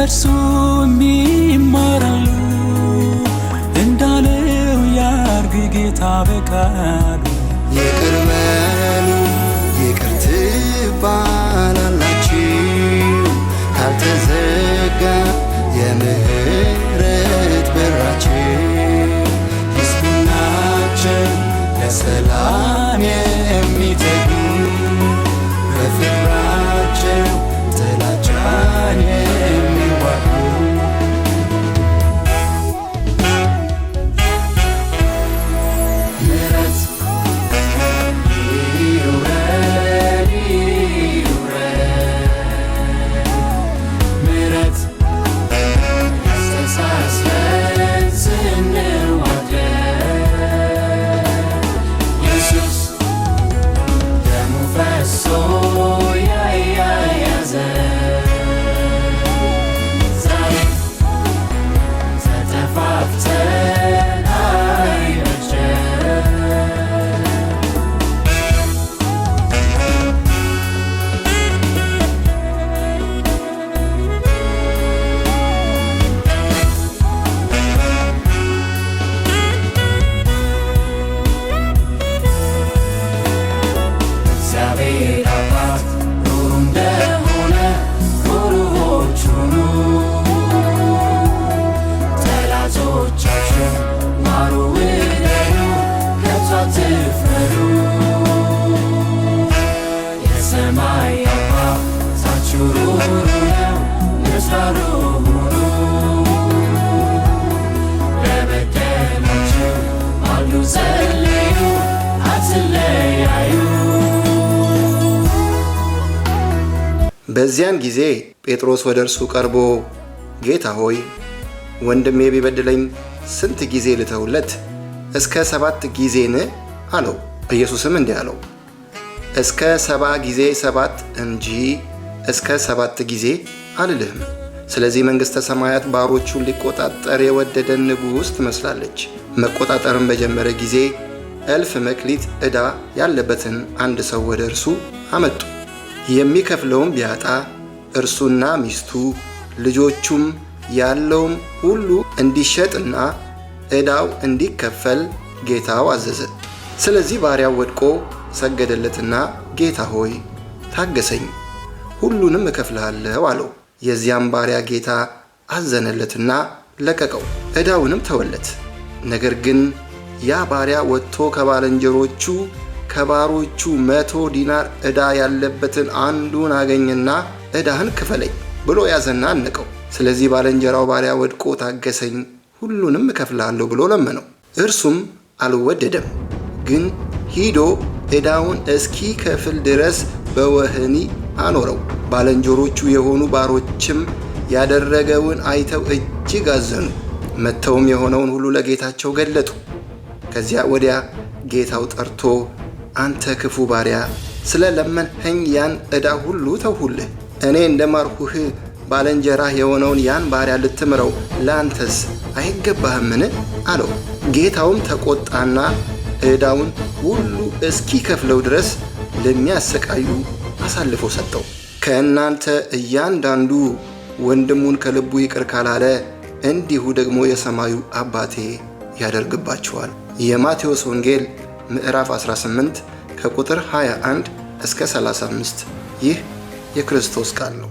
ከነርሱ የሚማራሉ እንዳለው ያርግ ጌታ በቃሉ በዚያን ጊዜ ጴጥሮስ ወደ እርሱ ቀርቦ ጌታ ሆይ ወንድሜ ቢበድለኝ ስንት ጊዜ ልተውለት? እስከ ሰባት ጊዜን አለው። ኢየሱስም እንዲህ አለው እስከ ሰባ ጊዜ ሰባት እንጂ እስከ ሰባት ጊዜ አልልህም። ስለዚህ መንግሥተ ሰማያት ባሮቹን ሊቆጣጠር የወደደን ንጉሥ ትመስላለች። መቆጣጠርን በጀመረ ጊዜ እልፍ መክሊት ዕዳ ያለበትን አንድ ሰው ወደ እርሱ አመጡ። የሚከፍለውም ቢያጣ እርሱና ሚስቱ ልጆቹም ያለውም ሁሉ እንዲሸጥና ዕዳው እንዲከፈል ጌታው አዘዘ። ስለዚህ ባሪያው ወድቆ ሰገደለትና ጌታ ሆይ ታገሰኝ፣ ሁሉንም እከፍልሃለሁ አለው። የዚያም ባሪያ ጌታ አዘነለትና ለቀቀው፣ ዕዳውንም ተወለት። ነገር ግን ያ ባሪያ ወጥቶ ከባለንጀሮቹ ከባሮቹ መቶ ዲናር ዕዳ ያለበትን አንዱን አገኘና ዕዳህን ክፈለኝ ብሎ ያዘና አነቀው። ስለዚህ ባለንጀራው ባሪያ ወድቆ ታገሰኝ፣ ሁሉንም እከፍልሃለሁ ብሎ ለመነው። እርሱም አልወደደም፣ ግን ሂዶ ዕዳውን እስኪ ከፍል ድረስ በወህኒ አኖረው። ባልንጀሮቹ የሆኑ ባሮችም ያደረገውን አይተው እጅግ አዘኑ። መጥተውም የሆነውን ሁሉ ለጌታቸው ገለጡ። ከዚያ ወዲያ ጌታው ጠርቶ አንተ ክፉ ባሪያ ስለ ለመንኸኝ ያን ዕዳ ሁሉ ተውሁልህ፣ እኔ እንደ ማርኩህ ባለንጀራህ የሆነውን ያን ባሪያ ልትምረው ለአንተስ አይገባህምን? አለው። ጌታውም ተቆጣና ዕዳውን ሁሉ እስኪከፍለው ድረስ ለሚያሰቃዩ አሳልፎ ሰጠው። ከእናንተ እያንዳንዱ ወንድሙን ከልቡ ይቅር ካላለ እንዲሁ ደግሞ የሰማዩ አባቴ ያደርግባቸዋል የማቴዎስ ወንጌል ምዕራፍ 18 ከቁጥር 21 እስከ 35። ይህ የክርስቶስ ቃል ነው።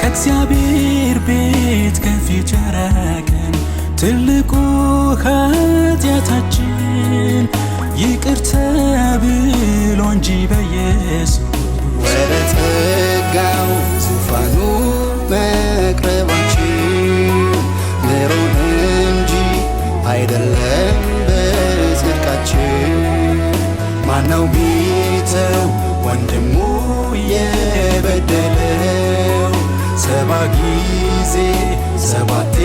ከእግዚአብሔር ቤት ከፊት ያራቀን ትልቁ ኃጢአታችን ይቅር ተብሎ እንጂ በየሱ ወደ ተጠጋው ዙፋኑ መቅረባችን ምሮን እንጂ አይደለም በጽድቃችን ማነው ቢተው ወንድሙ የበደለ ሰባ ጊዜ ሰባቴ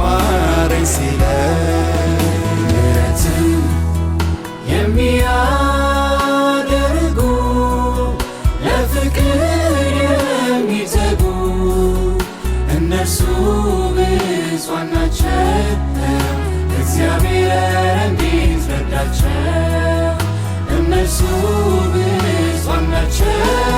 ማረኝ ሲለ ምሕረትን የሚያደርጉ ለፍቅር የሚተጉ እነርሱ ብፁዓን ናቸው። እግዚአብሔር እንዴት ረዳቸው! እነርሱ ብፁዓን ናቸው።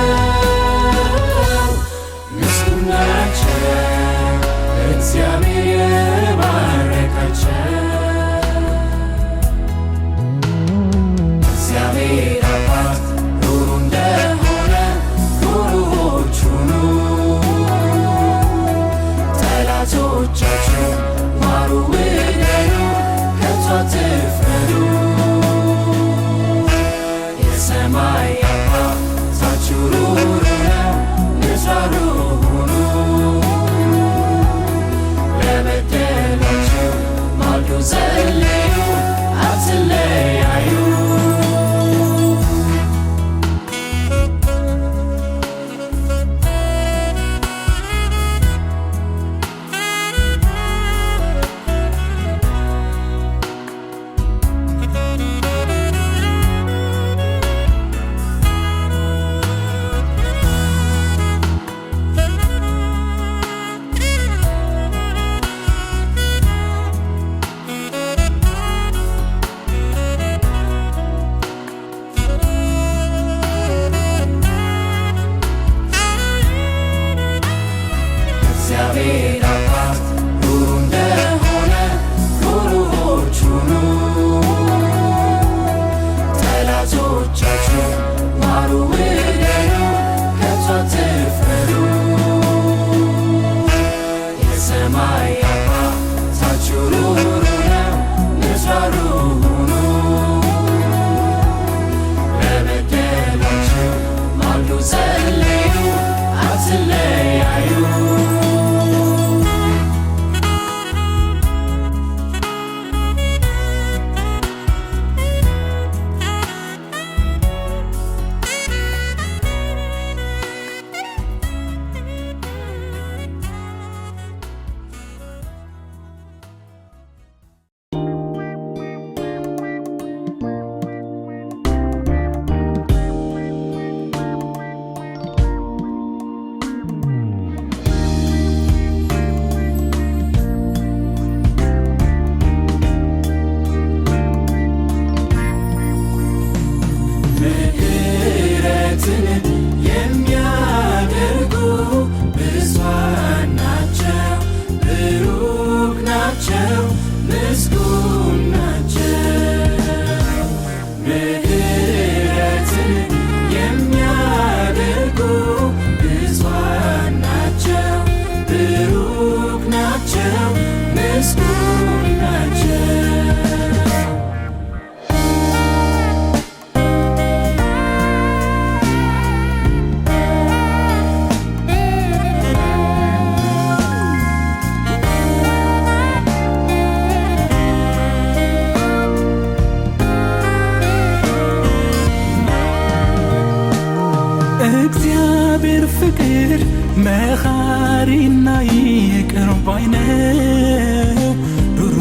ላይ የቅርብ አይነው ዱሩ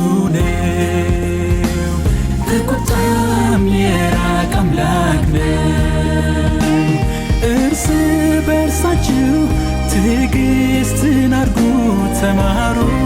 ነው ከቁጣም የራቀ አምላክ ነው። እርስ በእርሳችሁ ትዕግስትን አድርጉ ተማሩ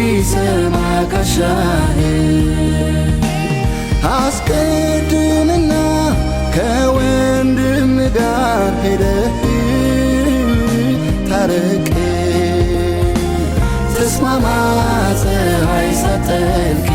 ቢሰማ አስቀድምና ከወንድም ጋር ሄደህ ታረቅ ተስማማ ፀሐይ ሳትጠልቅ